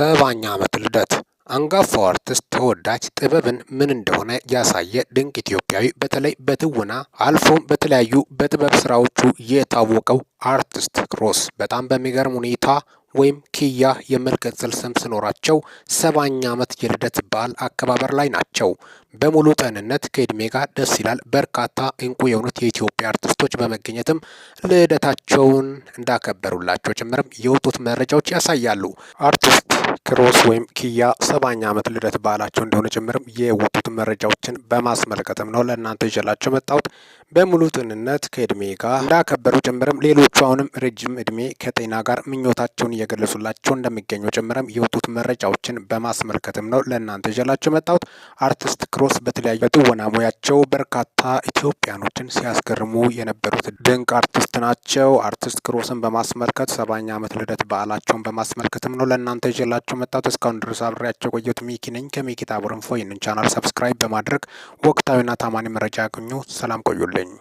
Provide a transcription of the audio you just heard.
ሰባኛ ዓመት ልደት አንጋፋው አርቲስት ተወዳጅ ጥበብን ምን እንደሆነ ያሳየ ድንቅ ኢትዮጵያዊ በተለይ በትወና አልፎም በተለያዩ በጥበብ ስራዎቹ የታወቀው አርቲስት ክሮስ በጣም በሚገርም ሁኔታ ወይም ኪያ የሚል ቅጽል ስም ሲኖራቸው ሰባኛ ዓመት የልደት በዓል አከባበር ላይ ናቸው። በሙሉ ጤንነት ከእድሜ ጋር ደስ ይላል። በርካታ እንቁ የሆኑት የኢትዮጵያ አርቲስቶች በመገኘትም ልደታቸውን እንዳከበሩላቸው ጭምርም የወጡት መረጃዎች ያሳያሉ። አርቲስት ክሮስ ወይም ኪያ ሰባኛ ዓመት ልደት በዓላቸው እንደሆነ ጭምርም የወጡት መረጃዎችን በማስመልከትም ነው ለእናንተ ይዤላቸው መጣሁት። በሙሉ ጤንነት ከእድሜ ጋር እንዳከበሩ ጭምርም ሌሎቹ አሁንም ረጅም እድሜ ከጤና ጋር ምኞታቸውን እየገለጹላቸው እንደሚገኙ ጭምርም የወጡት መረጃዎችን በማስመልከትም ነው ለእናንተ ይዤላቸው መጣሁት። አርቲስት ክሮስ በተለያዩ በትወና ሙያቸው በርካታ ኢትዮጵያኖችን ሲያስገርሙ የነበሩት ድንቅ አርቲስት ናቸው። አርቲስት ክሮስን በማስመልከት ሰባኛ ዓመት ልደት በዓላቸውን በማስመልከትም ነው ለእናንተ ይዤላቸው መጣሁት። እስካሁን ድረስ አብሬያቸው ቆየሁት። ሚኪ ነኝ ከሚኪ ታቦር ይህንን ቻናል ሰብስክራይብ በማድረግ ወቅታዊና ታማኒ መረጃ ያገኙ። ሰላም ቆዩልኝ።